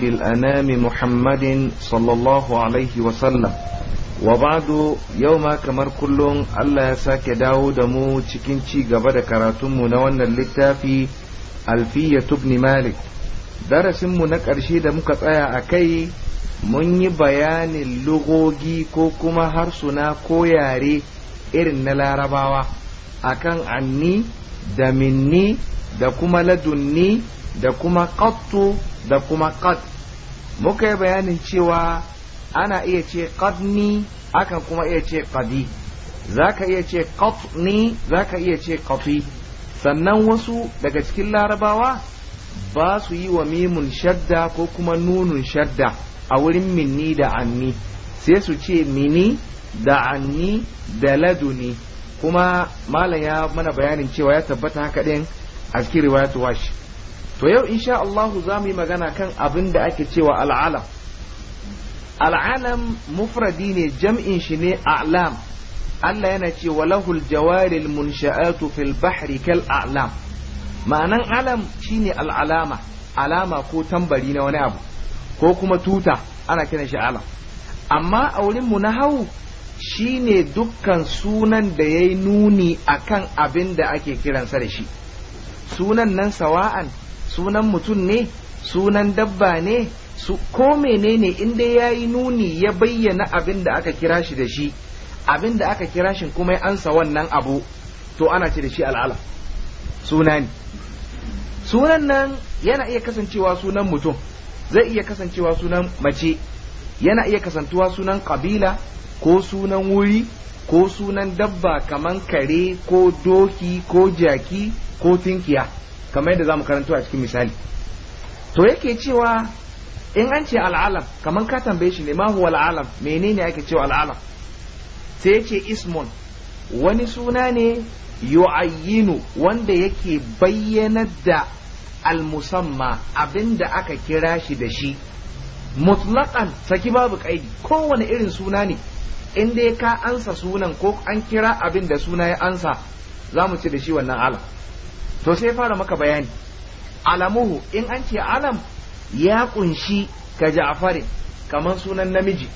خير الأنام محمد صلى الله عليه وسلم وبعد يوم كمر كل الله ساك داود مو تشكينشي قبل كراتم نوانا للتافي ألفية ابن مالك درس منك أرشيد مكتايا أكي mun yi bayanin lugogi ko kuma harsuna ko yare irin na larabawa akan anni da minni da kuma ladunni da kuma qattu da kuma qad muka yi bayanin cewa ana iya ce qadni akan kuma iya ce qadi zaka iya ce qatni zaka iya ce qafi sannan wasu daga cikin larabawa ba su yi wa mimun shadda ko kuma nunun shadda a wurin minni da anni sai su ce mini da anni da laduni kuma malam ya mana bayanin cewa ya tabbata haka din a cikin riwayatu washi to yau insha Allah za mu yi magana kan abin da ake cewa al'alam al'alam mufradi ne jam'in shi ne a'lam Allah yana ce walahul jawaril munsha'atu fil bahri kal a'lam ma'anan alam shine al'alama alama ko tambari na wani abu ko kuma tuta ana kiran shi alam amma a wurin mu na hau shine dukkan sunan da yayi nuni akan abin da ake kiransa da shi sunan nan sawa'an sunan mutum ne sunan dabba ne su ko menene inda ya yi nuni ya bayyana abin da aka kira shi da shi abin da aka kira shi kuma ya ansa wannan abu to ana ce da shi al'ala suna ne sunan nan yana iya kasancewa sunan mutum zai iya kasancewa sunan mace yana iya kasantuwa sunan kabila ko sunan wuri ko sunan dabba kaman kare ko doki ko jaki ko tinkiya kamar yadda za mu karanta a cikin misali to yake cewa in an ce al'alam kamar ka tambaye shi ne ma huwa al'alam menene ake cewa al'alam sai ya ce ismun wani suna ne yu'ayyinu wanda yake bayyanar da almusamma musamma abinda aka kira shi da shi mutlaqan saki babu kaidi kowane irin suna ne in dai ka ansa sunan ko an kira abin da suna ya ansa za mu ce da shi wannan alam to sai fara maka bayani alamuhu in an ce alam ya kunshi ka jafari kaman sunan namiji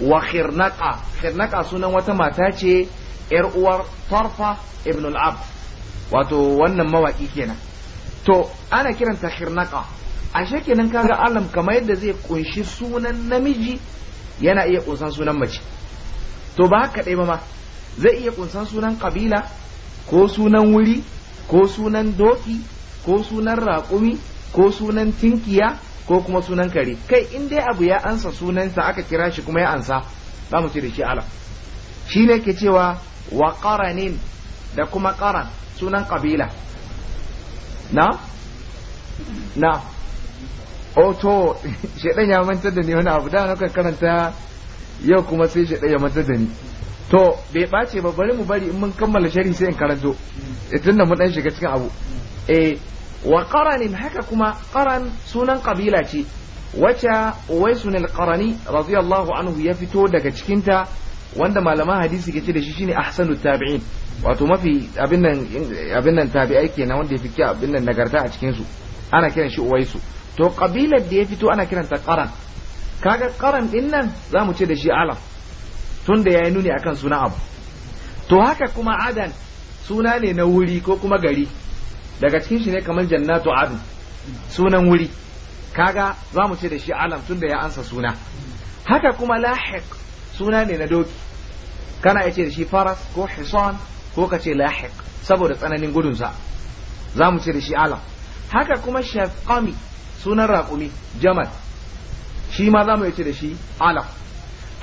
wa khirnaqa khirnaqa sunan wata mata ce yar uwar Farfa ibn al-ab wato wannan mawaki kenan to ana kiranta khirnaqa ashe kenan kaga alam kamar yadda zai kunshi sunan namiji yana iya kunsan sunan mace to ba haka ɗaya ma zai iya kunsan sunan kabila ko sunan wuri ko sunan doki ko sunan raƙumi ko sunan tinkiya ko kuma sunan kare kai in dai abu ya ansa sunansa aka kira shi kuma ya ansa za mu ce da shi alam shi ne ke cewa wa ƙaranin da kuma ƙaran sunan ƙabila na na oto oh, shaɗan ya mantar da ni wani abu da na karanta yau kuma sai shaɗan ya mantar da ni to bai ɓace ba bari mu bari in mun kammala sharhi sai in karanto eh, tun da mun dan shiga cikin abu eh wa qaranin haka kuma qaran sunan kabila ce wacce uwaisun sunan qarani radiyallahu anhu ya fito daga cikinta wanda malaman hadisi ke ce da shi shine ahsanu tabi'in wato mafi abin nan abin nan tabi'ai kenan wanda ya fi abin nan nagarta a cikin su ana kiran shi uwaisu to kabilar da ya fito ana kiranta qaran kaga qaran din nan zamu ce da shi alam tunda ya yi nuni akan suna abu to haka kuma adan suna ne na wuri ko kuma gari daga cikin shi ne kamar jannatu adu sunan wuri kaga za mu ce da shi alam tunda ya ansa suna haka kuma lahiq suna ne na doki kana ya ce da shi faras ko hison ko ka ce lahiq saboda tsananin gudunsa za mu ce da shi alam haka kuma Shaf'ami sunan raƙumi jamal shi ma za mu ce da shi alam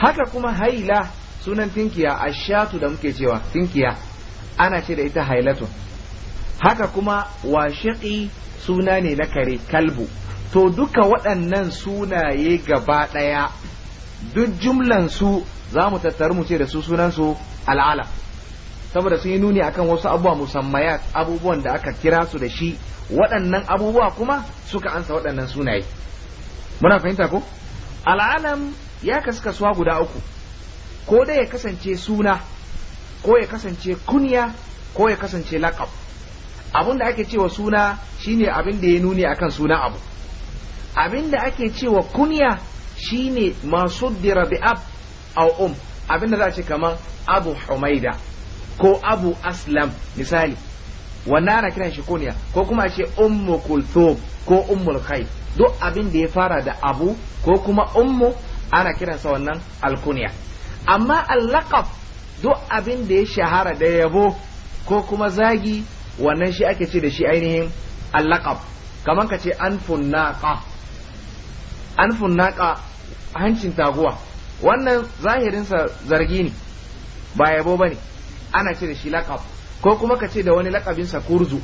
haka kuma haila sunan tinkiya Shatu da muke cewa tinkiya ana ce da ita hailatu haka kuma washiqi suna ne na kare kalbu to duka waɗannan sunaye gaba ɗaya duk jumlansu za mu tattaru mu ce da su sunansu al'ala saboda sun yi nuni akan wasu abubuwa musammayat abubuwan da aka kira su da shi waɗannan abubuwa kuma suka ansa waɗannan sunaye muna fahimta ko al'alam ya kasu kasuwa guda uku ko dai ya kasance suna ko ya kasance kunya ko ya kasance laƙab abin da ake cewa suna shine abin da ya nuni akan suna abu abin da ake cewa kunya shine masu bi ab aw um abin da za a ce kamar abu humaida ko abu aslam misali wannan ana kiran shi kunya ko kuma ce ummu kulthum ko ummul khair duk abin da ya fara da abu ko kuma ummu ana kiransa wannan alkuniya amma allaqab duk abin da ya shahara da yabo ko kuma zagi wannan shi ake ce da shi ainihin allaqab kamar ka ce an funnaqa hancin taguwa wannan zahirinsa zargi ne ba yabo bane ana ce da shi laqab ko kuma ka ce da wani laqabinsa kurzu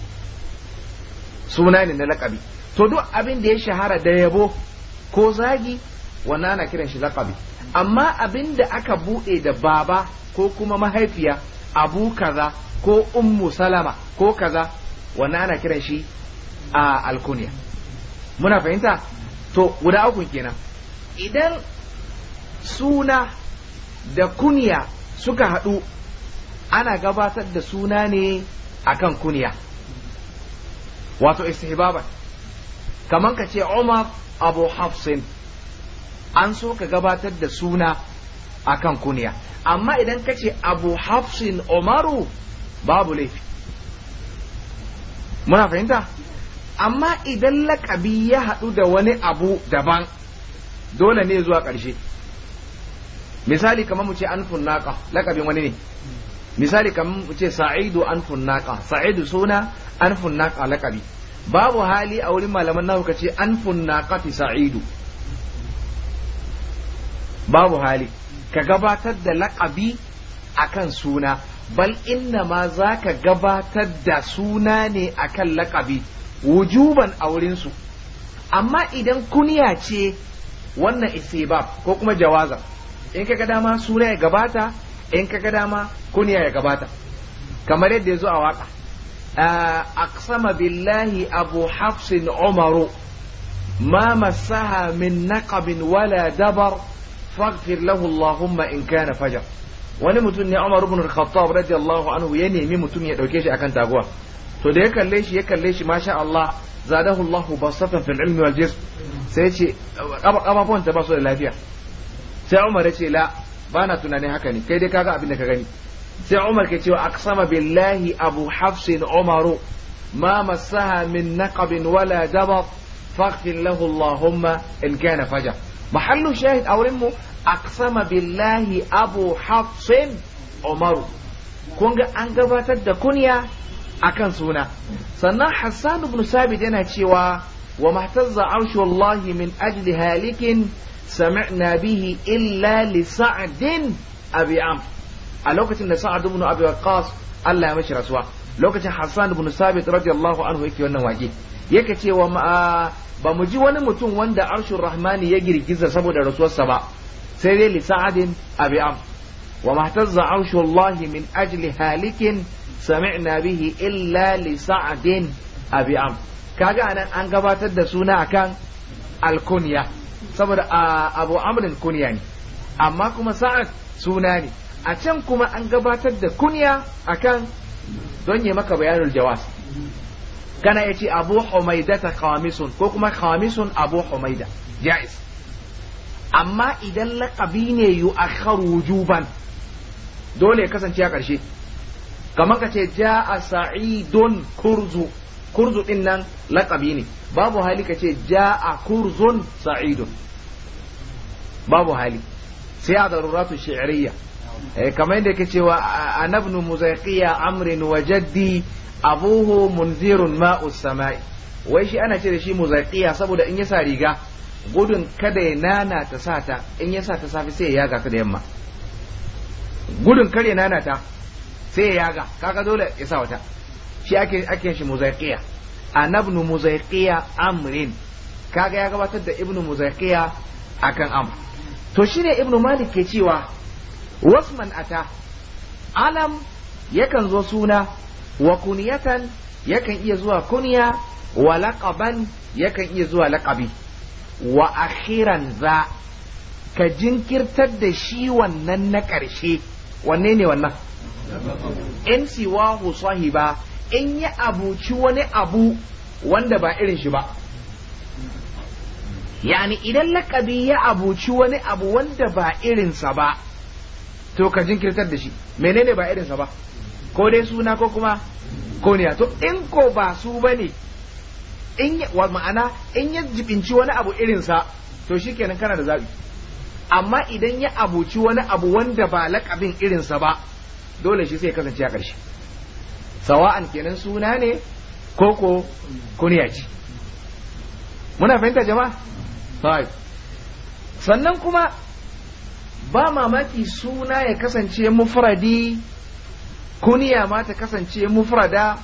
suna ne na laqabi to duk abin da ya shahara da yabo ko zagi wannan ana kiran shi laqabi amma abin da aka buɗe da baba ko kuma mahaifiya abu kaza ko ummu salama ko kaza wannan ana kiran shi a alkuniya muna fahimta to guda uku kenan idan suna da kunya suka haɗu ana gabatar da suna ne akan kunya wato istihbaban kaman ka ce Umar Abu Hafsin an so ka gabatar da suna a kan kuniya amma idan ka ce abu hafsin umaru babu laifi muna fahimta amma idan lakabi ya haɗu da wani abu daban dole ne zuwa ƙarshe misali kamar mu ce an funnaka lakabin wani ne misali kamar mu ce sa'idu an funnaka sa'idu suna an funnaka lakabi babu hali a wurin malaman nahu ka ce an funnaka fi sa'idu babu hali ka gabatar da laƙabi akan suna bal inna ma za ka gabatar da suna ne akan laƙabi wujuban aurinsu amma idan kuniya ce wannan istibab ko kuma jawaza in ka ga dama suna ya gabata in ka ga dama kuniya ya gabata kamar yadda ya zo a waka ah, aqsama billahi abu hafsin umaru ma masaha min naqabin wala dabar faghfir lahu Allahumma in kana fajar wani mutum ne Umar ibn al-Khattab radiyallahu anhu ya nemi mutum ya dauke shi akan taguwa to da ya kalle shi ya kalle shi masha Allah zadahu Allahu basatan fil ilmi wal jism sai ce kafafuwan ta ba su da lafiya sai Umar ya ce la bana tunanin haka ne kai dai kaga abin da ka gani sai Umar ke cewa aqsama billahi Abu Hafs Umar ma masaha min naqab wala daba. faghfir lahu Allahumma in kana fajar mahallu shahid a wurinmu aksama billahi umaru kun ga an gabatar da kunya akan suna sannan hassan ibn sabit yana cewa wa mahtazza arshu min ajli halikin sami'na illa li a lokacin da sa'ad ibn abi waqqas Allah ya mashi rasuwa lokacin Hassan ibn Sabit radiyallahu anhu yake wannan waƙe yake cewa ma ba mu ji wani mutum wanda arshur rahmani ya girgiza saboda rasuwarsa ba sai dai li sa'adin abi am wa mahtazza arshullahi min ajli halikin sami'na bihi illa li sa'adin abi am kaga anan an gabatar da suna akan alkunya saboda abu amrin kunya ne amma kuma sa'ad suna ne a can kuma an gabatar da kunya akan don yi maka bayanul jawas kana ya ce abu humaida ta khamisun ko kuma khamisun abu humaida jais amma idan laƙabi ne yu akharu wujuban dole ya kasance a ƙarshe kamar ka ce ja a sa'idun kurzu kurzu din nan laƙabi ne babu hali ka ce ja a kurzun sa'idun babu hali sai a daruratu shi'iriyya Eh, kamar yadda yake cewa anabnu muzaiqiya amrin wa jaddi abuhu munzirun ma'us sama'i wai shi ana ce da shi muzaiqiya saboda in ya sa riga gudun kada ya nana ta sa in ya sa ta safi sai ya yaga ta da yamma gudun kare nana ta sai ya yaga kaga dole ya sa wata shi ake ake shi muzaiqiya anabnu muzaiqiya amrin kaga ya gabatar da ibnu muzaiqiya akan am to shine ibnu malik ke cewa wasman ata alam yakan zo suna wa kuniyatan yakan iya zuwa kuniya wa laqaban yakan iya zuwa laqabi wa akhiran za ka jinkirtar da shi wannan na ƙarshe wanne ne wannan in siwahu sahiba in ya abuci wani abu wanda ba irin shi ba yani idan laƙabi ya abuci wani abu wanda ba irinsa ba to ka jinkirtar da shi menene ba irinsa ba ko dai suna ko kuma ne to in ko ba su bane in wa ma'ana in ya jibinci wani abu irinsa to shi shikenan kana da zabi amma idan ya abuci wani abu wanda ba lakabin irinsa ba dole shi sai kasance a ƙarshe sawa'an kenan suna ne ko ko kuniya ce muna fahimta jama'a sannan kuma ba mamaki suna ya kasance mufradi kuniya ma ta kasance mufrada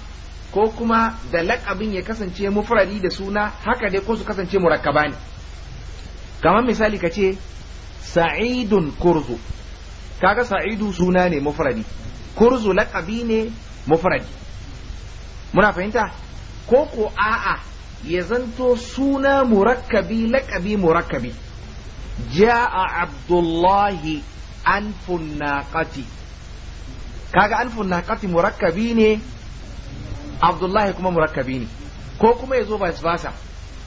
ko kuma da lakabin ya kasance mufradi da suna haka dai ko su kasance murakkaba ne kamar misali ka ce sa'idun kurzu kaga sa'idu suna ne mufradi kurzu lakabi ne mufradi muna fahimta ko ko a'a ya zanto suna murakkabi laƙabi murakkabi ja'a abdullahi anfun naqati kaga anfun naqati murakkabi ne abdullahi kuma murakkabi ne ko kuma yazo vice versa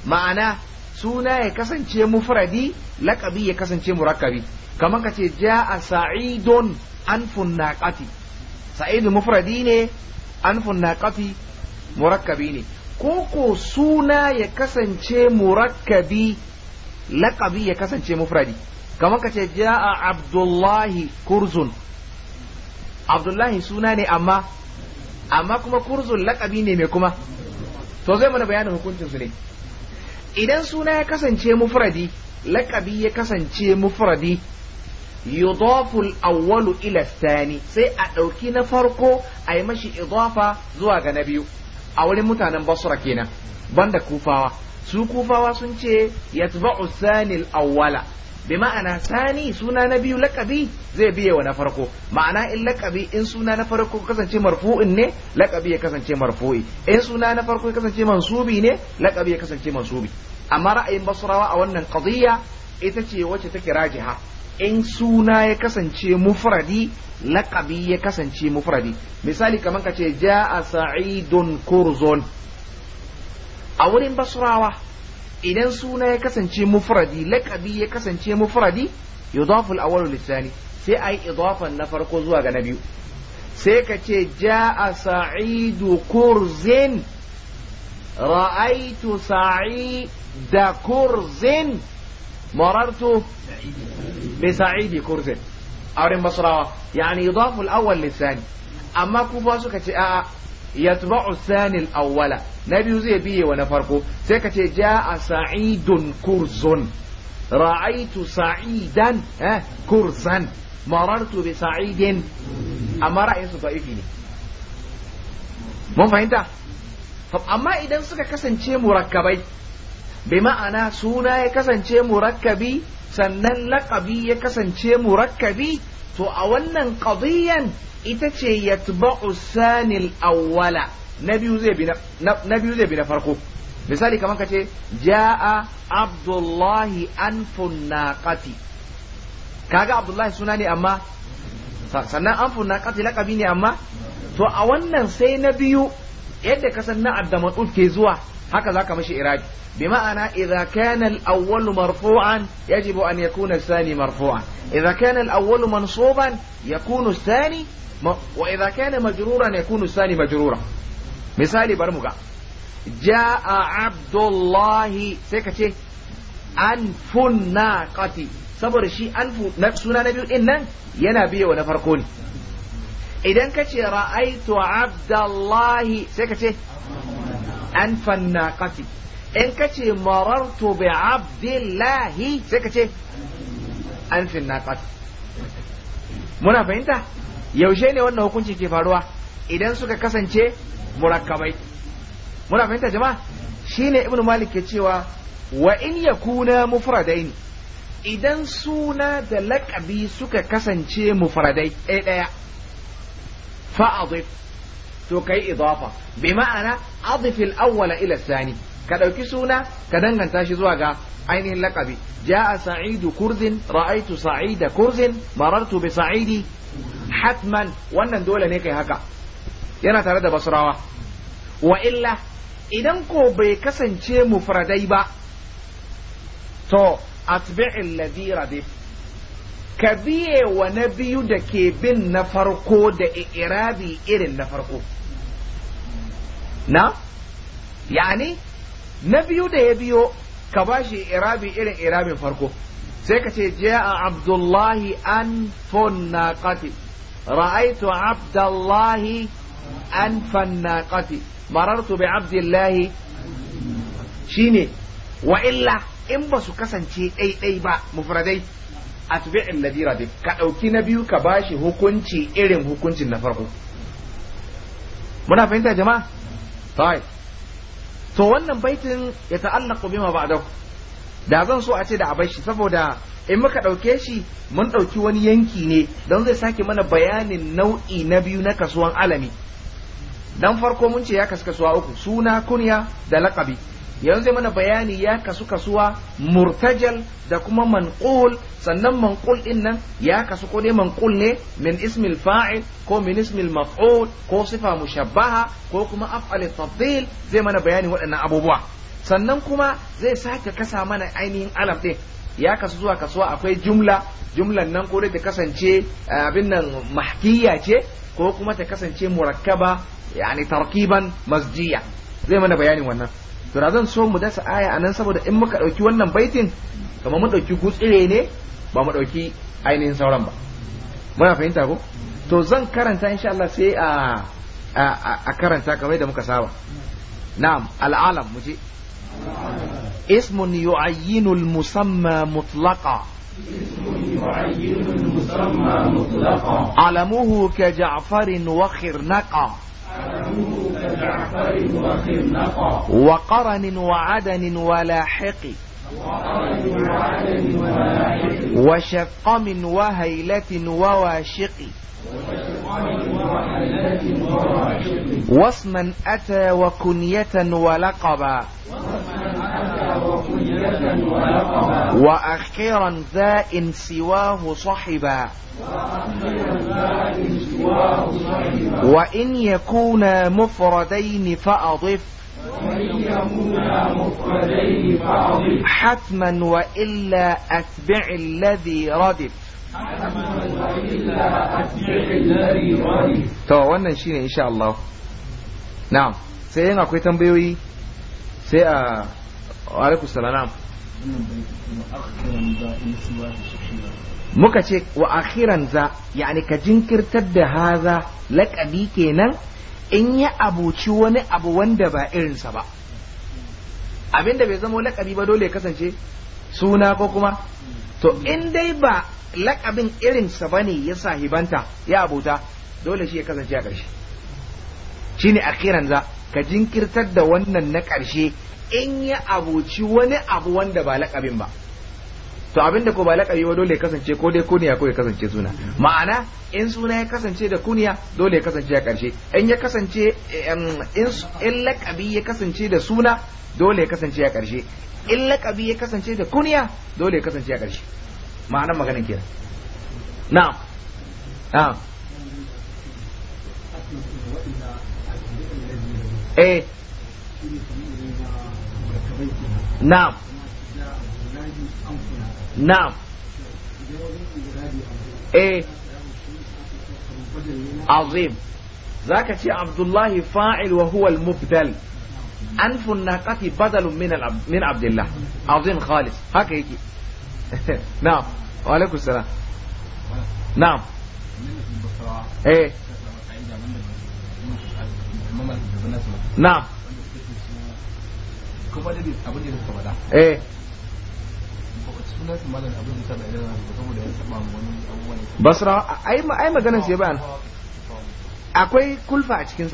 ma'ana suna ya kasance mufradi laƙabi ya kasance murakkabi kamar ka ce ja'a sa'idun anfun naqati sa'idu mufradi ne anfun naqati murakkabi ne ko ko suna ya kasance murakkabi laƙabi ya kasance mufradi kamar ka ce ja'a abdullahi kurzun abdullahi suna ne amma amma kuma kurzun laƙabi ne mai kuma to zai mana bayanin hukuncin su ne idan suna ya kasance mufradi laƙabi ya kasance mufradi yudoful awwalu ila thani sai a ɗauki na farko a yi mashi idofa zuwa ga na biyu a wurin mutanen basra kenan banda kufawa su kufawa sun ce yatba'u sanil awwala bi ma'ana sani suna na biyu lakabi zai biye wa na farko ma'ana in lakabi in suna na farko kasance marfu'in ne lakabi ya kasance marfu'i in suna na farko ya kasance mansubi ne lakabi ya kasance mansubi amma ra'ayin basrawa a wannan qadiyya ita ce wacce take rajiha in suna ya kasance mufradi lakabi ya kasance mufradi misali kamar ka ce ja'a sa'idun kurzon a wurin basrawa idan suna ya kasance mufradi laƙabi ya kasance mufradi yudafu al-awwalu lithani sai ai idafan na farko zuwa ga na biyu sai ka ce ja'a sa'idu kurzin ra'aitu sa'ida kurzin marartu bi sa'idi kurzin a wurin basrawa yani yudafu al-awwal lithani amma kuma suka ce a'a yatba'u sani al-awwala na biyu zai biye wa na farko sai ka ce ja'a sa'idun kurzun ra'aitu sa'idan eh kurzan marartu bi sa'idin amma ra'ayin su da'ifi ne mun fahimta amma idan suka kasance murakkabai bi ma'ana suna ya kasance murakkabi sannan laƙabi ya kasance murakkabi to a wannan qadiyan ita ce yatba'u sanil awwala na biyu zai bi na biyu zai bi na farko misali kamar kace ja'a abdullahi anfun naqati kaga abdullahi suna ne amma sannan anfun naqati ne amma to a wannan sai na biyu yadda kasan na addamatut ke zuwa haka zaka mashi iraki bi ma'ana idza kana al-awwal marfu'an yajibu an yakuna ath-thani marfu'an idza kana al-awwal mansuban yakunu ath-thani wa idza kana majruran yakunu ath-thani majrura misali bar mu ga ja'a abdullahi sai ka ce an anfun naqati saboda shi anfu suna na biyu dinnan yana biyewa na farko ne idan ka ce ra'aitu abdullahi sai ka ce anfan naqati in kace marartu bi abdillahi sai kace anfin naqati muna fahimta yaushe ne wannan hukunci ke faruwa idan suka kasance murakkabai muna fahimta jama'a shine ibnu malik ke cewa wa in yakuna mufradaini idan suna da lakabi suka kasance mufradai ɗaya ɗaya fa'adif to kai idafa bi ma'ana adif al-awwal ila thani ka dauki suna ka danganta shi zuwa ga ainihin laqabi jaa sa'idu kurzin ra'aytu sa'ida kurzin marartu bi sa'idi hatman wannan dole ne kai haka yana tare da basrawa wa illa idan ko bai kasance mufradai ba to atbi'il ladhi radif ka biye wa na biyu da ke bin na farko da irabi irin na farko na yani na biyu da ya biyo ka ba shi irabi irin irabin farko sai ka ce ja'a abdullahi an funnaqati ra'aitu abdullahi an fannaqati marartu bi abdullahi shine wa illa in ba su kasance ɗaiɗai ba mufradai atbi'in ladhi bi ka ɗauki na biyu ka bashi hukunci irin hukuncin na farko muna fahimta jama'a tayi to wannan baitin ya ta'allaqu bima ba'dahu da zan so a ce da a shi saboda in muka ɗauke shi mun ɗauki wani yanki ne don zai sake mana bayanin nau'i na biyu na kasuwan alami dan farko mun ce ya kasu kasuwa uku suna kunya da laƙabi yanzu zai mana bayani ya kasu kasuwa murtajal da kuma manqul sannan manqul din nan ya kasu ko dai manqul ne min ismil fa'il ko min ismil maf'ul ko sifa mushabbaha ko kuma af'al tafdil zai mana bayani waɗannan abubuwa sannan kuma zai sake kasa mana ainihin alam din ya kasu zuwa kasuwa akwai jumla jumlan nan ko dai ta kasance eh, abin nan mahkiya ce ko kuma ta kasance murakkaba yani tarkiban masjiya zai mana bayani wannan to zan so mu dasa aya anan saboda in muka ɗauki wannan baitin kamar mun ɗauki gutsire ne ba mu ɗauki ainihin sauran ba muna fahimta ko to zan karanta insha Allah sai a a karanta kamar da muka saba na'am al'alam mu je اسم musamma mutlaqa alamuhu ka كجعفر wa khirnaqa وقرن وعدن ولاحق وشقم وهيلة وواشق واصما أتى وكنية ولقبا وأخيرا ذا إن سواه صحبا وإن يكونا مفردين فأضف حتما وإلا أتبع الذي ردف to wannan shine insha Allah na'am sai yin akwai tambayoyi sai a wa salam muka ce wa akhiran za yani ka jinkirtar da haza laƙabi kenan in ya abuci wani abu wanda ba irinsa ba abinda bai zama laƙabi ba dole ya kasance suna ko kuma to in dai ba laƙabin irinsa ba ne ya sahibanta ya abota dole shi ya kasance a ƙarshe shine akhiran za ka jinkirtar da wannan na ƙarshe in ya abuci wani abu wanda ba laƙabin ba to abinda ko ba laƙabi ba dole ya kasance ko dai kuniya ko ya kasance suna ma'ana in suna ya kasance da kuniya dole ya kasance a ƙarshe in ya kasance in laƙabi ya kasance da suna dole ya kasance a ƙarshe in laƙabi ya kasance da kuniya dole ya kasance a ƙarshe ma'ana maganin kenan na. Na. eh نعم نعم ايه عظيم ذاك شيء عبد الله فاعل وهو المبدل أنف الناقة بدل من من عبد الله عظيم خالص هكا يجي نعم وعليكم السلام نعم ايه نعم kuma da abin da suka faɗa eh ya basra ai ai maganar sai akwai kulfa a cikin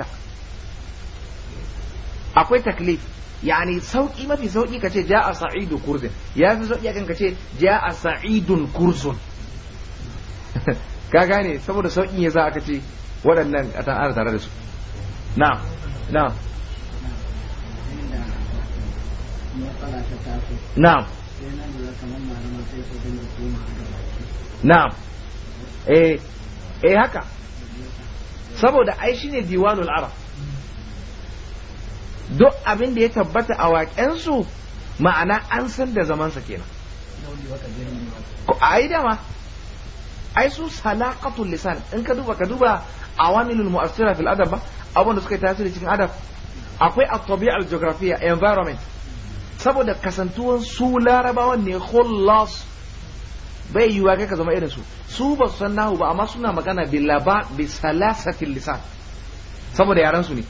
akwai taklif yani sauki mafi sauki kace ja'a sa'idu kurzun ya fi sauki akan kace ja'a sa'idun kurzun ka gane saboda sauki ya za aka ce waɗannan a tare da su na'am na'am matsala na'am na'am eh eh haka saboda ai shine diwanul arab duk abin da ya tabbata a waƙensu ma'ana an san da zamansa kenan ai dama ai su salaqatul lisan in ka duba ka duba awamilul mu'assira fil adab abin da suka yi tasiri cikin adab akwai at-tabi'a al-geographiya environment saboda kasantuwan su larabawan ne khullas bai wa kai ka zama irin su su ba su san nahu ba amma suna magana bi laba bi salasatil lisan saboda yaran su ne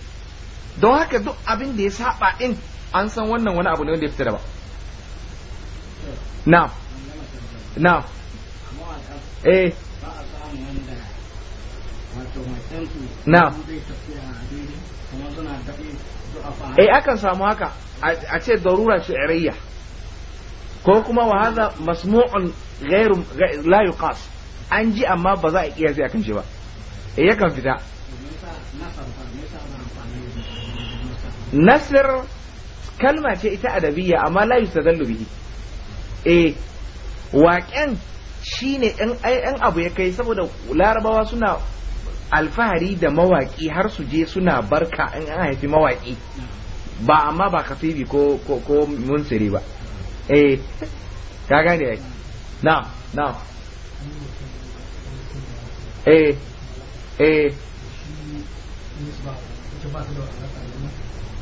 don haka duk abin da ya saba din an san wannan wani abu ne wanda ya fitar da ba na na eh na eh, eh akan samu haka a ce darura shi'ariyya ko kuma wa hadha masmu'un ghairu la yuqas an ji amma ba za a iya zai akan shi ba eh yakan fita nasr kalma ce ita adabiyya amma la yusadallu bihi eh waƙen shine ɗan abu ya kai saboda larabawa suna alfahari da mawaki har su je suna barka in an haifi mawaki ba amma ba kasibi ko ko ko munsiri ba eh ka gane na na eh eh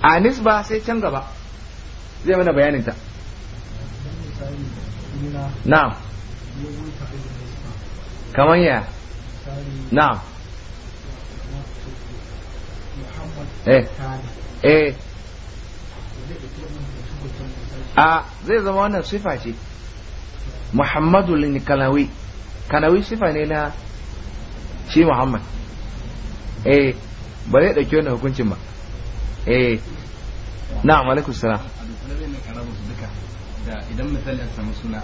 a nisba sai can gaba zai mana bayanin ta na kamar ya na eh eh a zai zama wannan sifa ce muhammadu lini kanawi kanawi sifa ne na shi muhammad eh ba zai ɗauki wannan hukuncin ba eh na alaikum salam idan misali an samu suna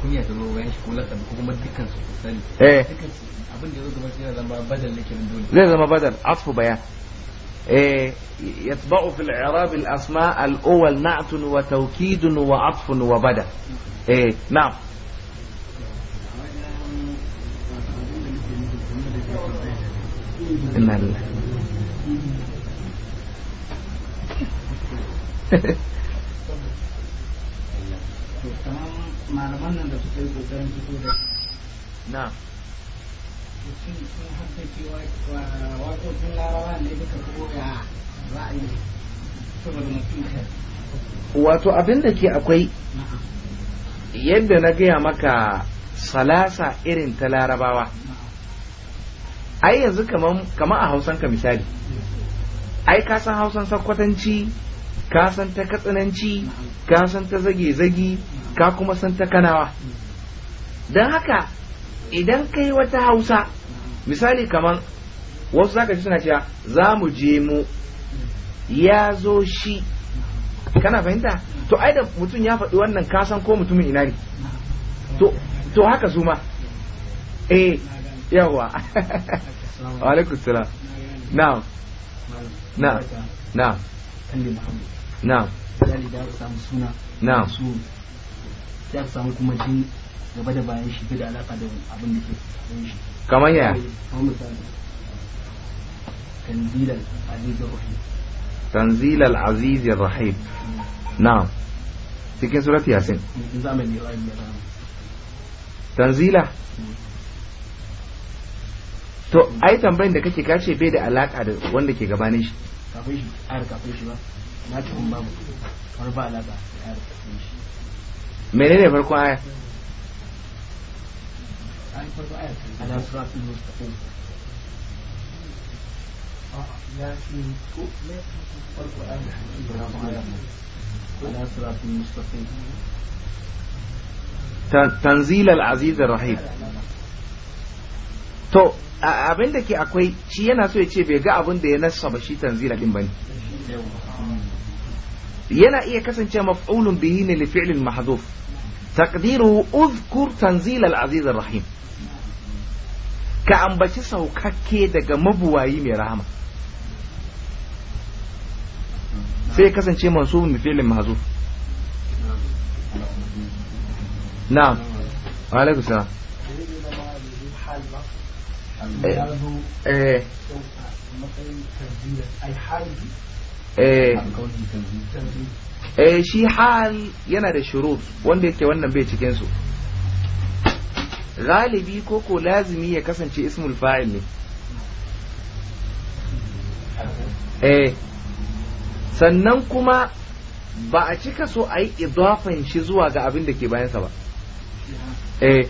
kunya ta zo bayan shi ko lakabi ko kuma dukkan su misali eh abin da ya zo gaban shi yana zama badal ne kenan dole zai zama badal asfu bayan يتبع إيه، في الإعراب الأسماء الأول نعت وتوكيد وعطف وبدأ إيه، نعم إن الله نعم. wato abin da ke akwai yadda na gaya maka salasa irin ta larabawa ai yanzu kama a hausanka misali ai ka san hausan sakwatanci ka san ta katsananci ka san ta zage-zagi ka kuma san ta kanawa don haka idan kai wata hausa misali kaman wasu zaka ji suna cewa za mu je mu ya zo shi kana fahimta to ai da mutum ya faɗi wannan kasan ko mutumin ina ne to haka su ma eh yawa wa salam na'am na'am na'am Na, misali da aka samu suna na'am su ya samu kuma na. gaba da bayan shi da alaka da abin da ke Na, shi kamar ya tanzil al-aziz ar-rahim na'am cikin surat yasin tanzila to ai tambayin da kake kace bai da alaka da wanda ke gabanin shi kafin shi ar kafin shi ba na ta babu kar ba alaka da ar kafin shi menene farkon aya على صراط المستقيم لكن تؤمن القرآن على صراط المستقيم tanzila al'aziz rahim to abin da ke akwai shi yana so ya ce bai ga abin da ya nassa ba shi tanzila din bane yana iya kasance maf'ulun bihi ne li fi'lin mahdhuf Taƙadiru ugur tan zi lal azizar rahim. Ka ambaci saukakke daga mabuwayi mai rahama. Sai kasance masu filin na filin mahazur. Na'am. eh shi hal yana da shurut wanda yake wannan bai cikinsu. su galibi ko ko lazimi ya kasance ismul fa'il ne eh sannan kuma ba a cika so a yi idafan shi zuwa ga abin da ke bayansa ba eh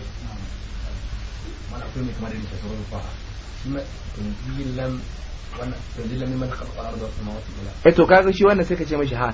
eh to kaga shi wannan sai ka ce mashi ha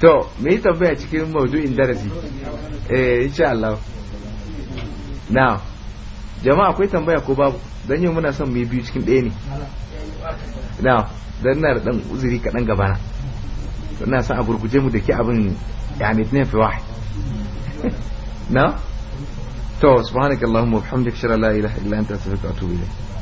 to me yi tambaya cikin maudu'in darasi eh insha Allah now jama'a akwai tambaya ko babu dan yau muna son mu yi biyu cikin ɗaya ne now dan na da dan uzuri kaɗan gabana ina son a gurguje mu da ke abin yani tunan fi wahid na to subhanakallahumma wa bihamdika shara la ilaha illa anta astaghfiruka wa atubu ilayk